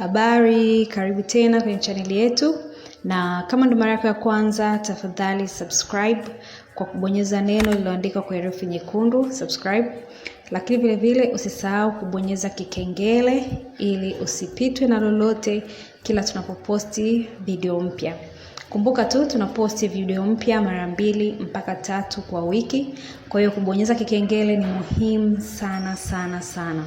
Habari, karibu tena kwenye chaneli yetu, na kama ndo mara yako ya kwanza, tafadhali subscribe kwa kubonyeza neno lililoandikwa kwa herufi nyekundu subscribe, lakini vile vile usisahau kubonyeza kikengele ili usipitwe na lolote kila tunapoposti video mpya. Kumbuka tu tunaposti video mpya mara mbili mpaka tatu kwa wiki, kwa hiyo kubonyeza kikengele ni muhimu sana sana sana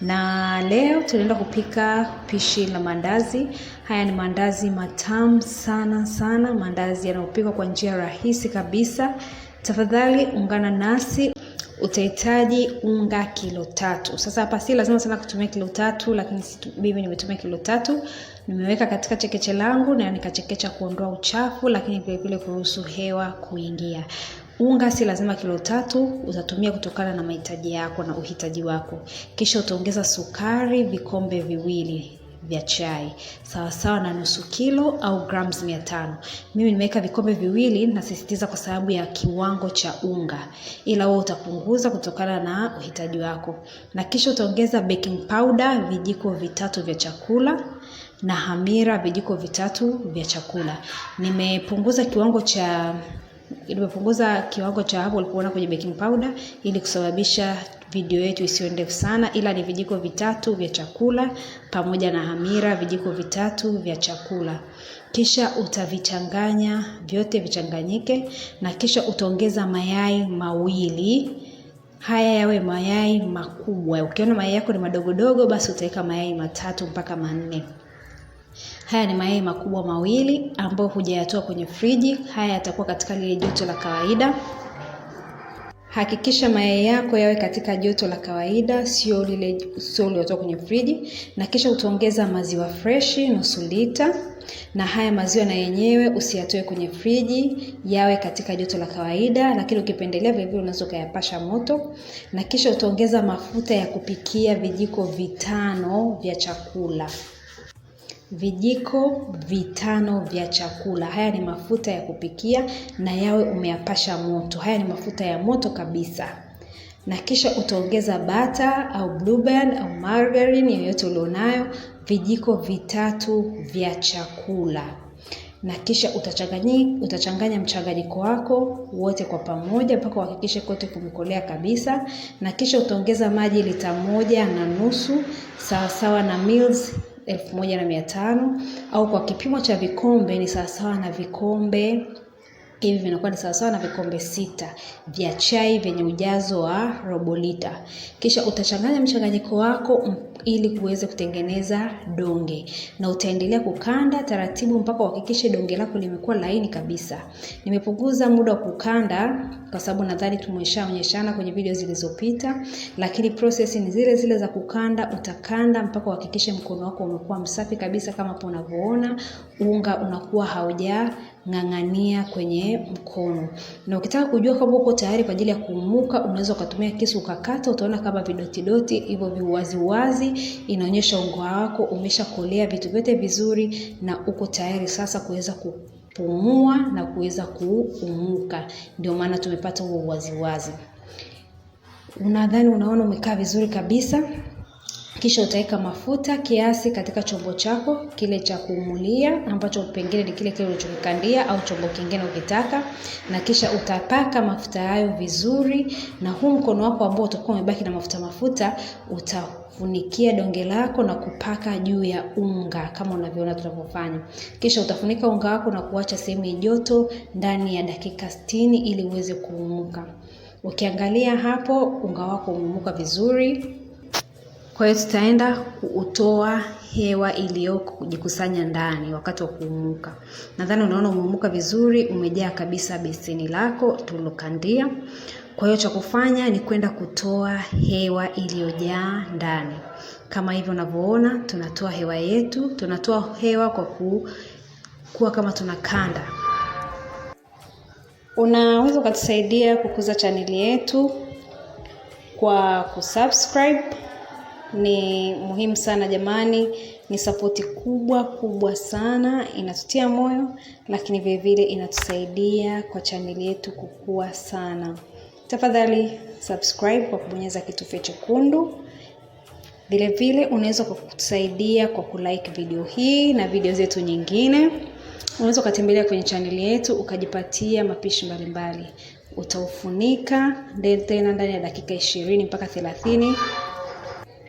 na leo tunaenda kupika pishi la mandazi Haya ni mandazi matamu sana sana, mandazi yanayopikwa kwa njia rahisi kabisa. Tafadhali ungana nasi. Utahitaji unga kilo tatu. Sasa hapa si lazima sana kutumia kilo tatu, lakini mimi nimetumia kilo tatu. Nimeweka katika chekeche langu na nikachekecha kuondoa uchafu, lakini vilevile kuruhusu hewa kuingia. Unga si lazima kilo tatu, utatumia kutokana na mahitaji yako na uhitaji wako. Kisha utaongeza sukari vikombe viwili vya chai sawasawa na nusu kilo au grams mia tano. Mimi nimeweka vikombe viwili, nasisitiza kwa sababu ya kiwango cha unga, ila wewe utapunguza kutokana na uhitaji wako. Na kisha utaongeza baking powder vijiko vitatu vya chakula na hamira vijiko vitatu vya chakula. Nimepunguza kiwango cha nimepunguza kiwango cha hapo ulipoona kwenye baking powder ili kusababisha video yetu isiyo ndefu sana, ila ni vijiko vitatu vya chakula pamoja na hamira vijiko vitatu vya chakula. Kisha utavichanganya vyote vichanganyike, na kisha utaongeza mayai mawili haya yawe mayai makubwa. Ukiona mayai yako ni madogodogo, basi utaweka mayai matatu mpaka manne. Haya ni mayai makubwa mawili ambayo hujayatoa kwenye friji. Haya yatakuwa katika lile joto la kawaida. Hakikisha mayai yako yawe katika joto la kawaida, sio lile sio uliotoa kwenye friji, na kisha utaongeza maziwa freshi nusu lita, na haya maziwa na yenyewe usiyatoe kwenye friji, yawe katika joto la kawaida, lakini ukipendelea vilevile unaweza ukayapasha moto, na kisha utaongeza mafuta ya kupikia vijiko vitano vya chakula vijiko vitano vya chakula. Haya ni mafuta ya kupikia na yawe umeyapasha moto. Haya ni mafuta ya moto kabisa, na kisha utaongeza bata au blue au margarine yoyote ulionayo, vijiko vitatu vya chakula, na kisha utachanganya utachanganya mchanganyiko wako wote kwa pamoja mpaka uhakikishe kote kumekolea kabisa, na kisha utaongeza maji lita moja na nusu sawasawa na mils elfu moja na mia tano au kwa kipimo cha vikombe ni sawasawa na vikombe hivi vinakuwa ni sawasawa na vikombe sita vya chai vyenye ujazo wa robo lita. Kisha utachanganya mchanganyiko wako ili kuweze kutengeneza donge, na utaendelea kukanda taratibu mpaka uhakikishe donge lako limekuwa laini kabisa. Nimepunguza muda wa kukanda kwa sababu nadhani tumeshaonyeshana kwenye video zilizopita, lakini process ni zile zile za kukanda. Utakanda mpaka uhakikishe mkono wako umekuwa msafi kabisa, kama hapo unavyoona unga unakuwa hauja ng'ang'ania kwenye mkono. Na ukitaka kujua kama uko tayari kwa ajili ya kuumuka, unaweza ukatumia kisu ukakata, utaona kama vidotidoti hivyo viwaziwazi inaonyesha ungoa wako umeshakolea vitu vyote vizuri na uko tayari sasa kuweza kupumua na kuweza kuumuka. Ndio maana tumepata huo uwaziwazi. Unadhani unaona umekaa vizuri kabisa. Kisha utaweka mafuta kiasi katika chombo chako kile cha kuumulia, ambacho pengine ni kile kile ulichokikandia au chombo kingine ukitaka, na kisha utapaka mafuta hayo vizuri, na huu mkono wako ambao utakuwa umebaki na mafuta mafuta uta funikia donge lako na kupaka juu ya unga kama unavyoona tunavyofanya. Kisha utafunika unga wako na kuacha sehemu ya joto ndani ya dakika 60 ili uweze kuumuka. Ukiangalia hapo unga wako umeumuka vizuri. Kwa hiyo tutaenda kutoa hewa iliyoko kujikusanya ndani wakati wa kuumuka. Nadhani unaona umeumuka vizuri, umejaa kabisa beseni lako tulokandia Kwa hiyo cha kufanya ni kwenda kutoa hewa iliyojaa ndani. Kama hivyo unavyoona, tunatoa hewa yetu, tunatoa hewa kwa ku, kuwa kama tunakanda. Unaweza ukatusaidia kukuza chaneli yetu kwa kusubscribe ni muhimu sana jamani, ni sapoti kubwa kubwa sana, inatutia moyo, lakini vile vile inatusaidia kwa chaneli yetu kukua sana. Tafadhali subscribe kwa kubonyeza kitufe chekundu. Vile vile unaweza kutusaidia kwa kulike video hii na video zetu nyingine. Unaweza ukatembelea kwenye chaneli yetu ukajipatia mapishi mbalimbali, utaufunika tena ndani ya dakika ishirini mpaka thelathini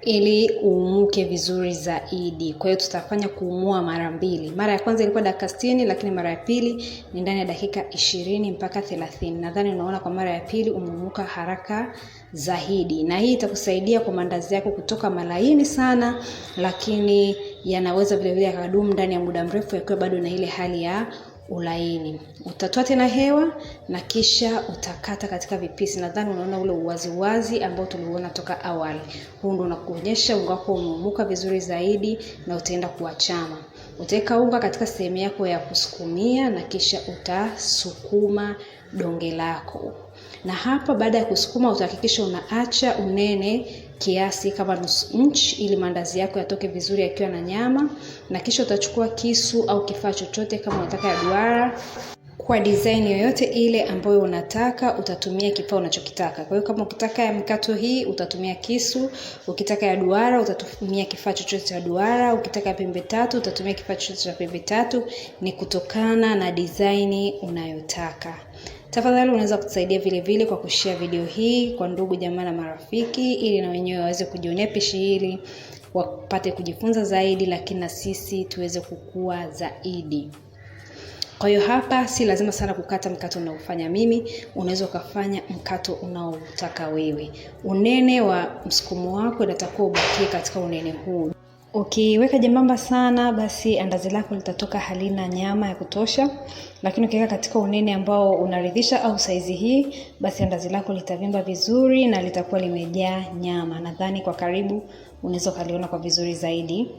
ili uumuke vizuri zaidi. Kwa hiyo tutafanya kuumua mara mbili. Mara ya kwanza ilikuwa dakika 60, lakini mara ya pili ni ndani ya dakika ishirini mpaka thelathini. Nadhani unaona kwa mara ya pili umeumuka haraka zaidi, na hii itakusaidia kwa mandazi yako kutoka malaini sana, lakini yanaweza vilevile yakadumu ndani ya muda mrefu yakiwa bado na ile hali ya ulaini. Utatoa tena hewa na kisha utakata katika vipisi. Nadhani unaona ule uwazi wazi ambao tuliuona toka awali. Huu ndio unakuonyesha unga wako umeumuka vizuri zaidi na utaenda kuachama. Utaweka unga katika sehemu yako ya kusukumia na kisha utasukuma donge lako na hapa baada ya kusukuma utahakikisha unaacha unene kiasi kama nusu inchi ili maandazi yako yatoke vizuri yakiwa na nyama, na kisha utachukua kisu au kifaa chochote kama unataka ya duara kwa design yoyote ile ambayo unataka utatumia kifaa unachokitaka. Kwa hiyo kama ukitaka ya mkato hii utatumia kisu, ukitaka ya duara utatumia kifaa chochote cha duara, ukitaka ya pembe tatu utatumia kifaa chochote cha pembe tatu, ni kutokana na design unayotaka. Tafadhali unaweza kutusaidia vile vile kwa kushare video hii kwa ndugu jamaa na marafiki, ili na wenyewe waweze kujionea pishi hili, wapate kujifunza zaidi, lakini na sisi tuweze kukua zaidi. Kwa hiyo hapa si lazima sana kukata mkato unaofanya mimi, unaweza ukafanya mkato unaotaka wewe. Unene wa msukumo wako unatakiwa ubakie katika unene huu. Ukiweka jembamba sana basi andazi lako litatoka halina nyama ya kutosha, lakini ukiweka katika unene ambao unaridhisha au saizi hii, basi andazi lako litavimba vizuri na litakuwa limejaa nyama. Nadhani kwa karibu unaweza ukaliona kwa vizuri zaidi.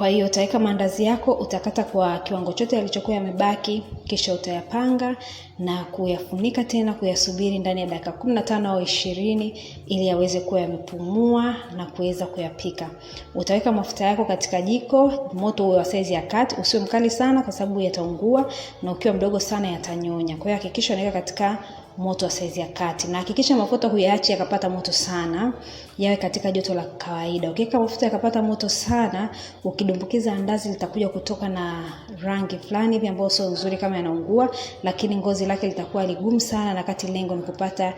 Kwa hiyo utaweka maandazi yako, utakata kwa kiwango chote yalichokuwa yamebaki, kisha utayapanga na kuyafunika tena, kuyasubiri ndani ya dakika kumi na tano au ishirini ili yaweze kuwa yamepumua na kuweza kuyapika. Utaweka mafuta yako katika jiko, moto uwe wa saizi ya kati, usiwe mkali sana kwa sababu yataungua, na ukiwa mdogo sana yatanyonya. Kwa hiyo hakikisha unaweka katika moto wa saizi ya kati, na hakikisha mafuta huyaachi yakapata moto sana, yawe katika joto la kawaida. Ukiweka mafuta yakapata moto sana, ukidumbukiza andazi litakuja kutoka na rangi fulani hivi ambayo sio nzuri, kama yanaungua, lakini ngozi lake litakuwa ligumu sana, na kati lengo ni kupata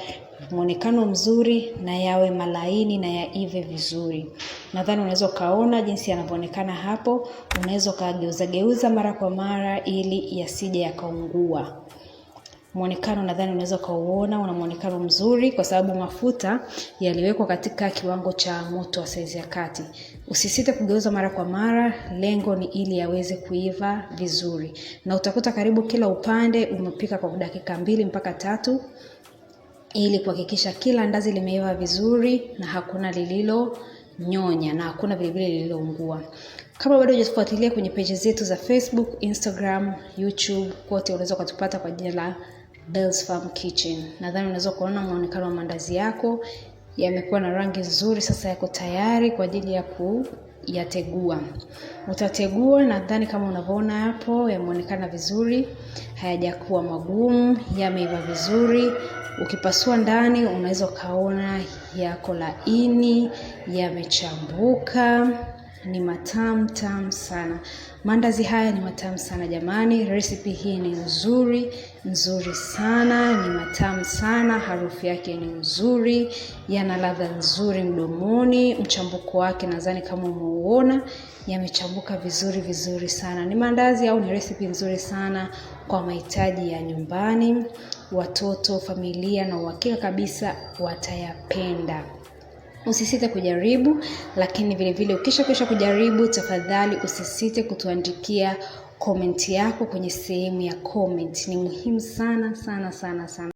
mwonekano mzuri na yawe malaini na yaive vizuri. Nadhani unaweza ukaona jinsi yanavyoonekana hapo. Unaweza ukageuza geuza mara kwa mara ili yasije yakaungua. Muonekano nadhani unaweza ukauona, una muonekano mzuri kwa sababu mafuta yaliwekwa katika kiwango cha moto wa saizi ya kati. Usisite kugeuza mara kwa mara, lengo ni ili yaweze kuiva vizuri, na utakuta karibu kila upande umepika kwa dakika mbili mpaka tatu ili kuhakikisha kila ndazi limeiva vizuri na hakuna lililo nyonya na hakuna vilevile lililoungua. Kama bado hujatufuatilia kwenye peji zetu za Facebook, Instagram, YouTube, kote unaweza ukatupata kwa jina la Bell's Farm Kitchen. Nadhani unaweza kuona mwonekano wa maandazi yako yamekuwa na rangi nzuri, sasa yako tayari kwa ajili ya kuyategua. Utategua, nadhani kama unavyoona hapo, yameonekana vizuri, hayajakuwa magumu, yameiva vizuri. Ukipasua ndani, unaweza ukaona yako laini, yamechambuka ni matamu tamu sana. mandazi haya ni matamu sana jamani, recipe hii ni nzuri nzuri sana, ni matamu sana, harufu yake ni nzuri, yana ladha nzuri mdomoni. Mchambuko wake nadhani kama umeuona, yamechambuka vizuri vizuri sana. Ni mandazi au ni recipe nzuri sana kwa mahitaji ya nyumbani, watoto, familia, na uhakika kabisa watayapenda. Usisite kujaribu, lakini vilevile kisha kujaribu, tafadhali usisite kutuandikia komenti yako kwenye sehemu ya comment. Ni muhimu sana sana sana sana.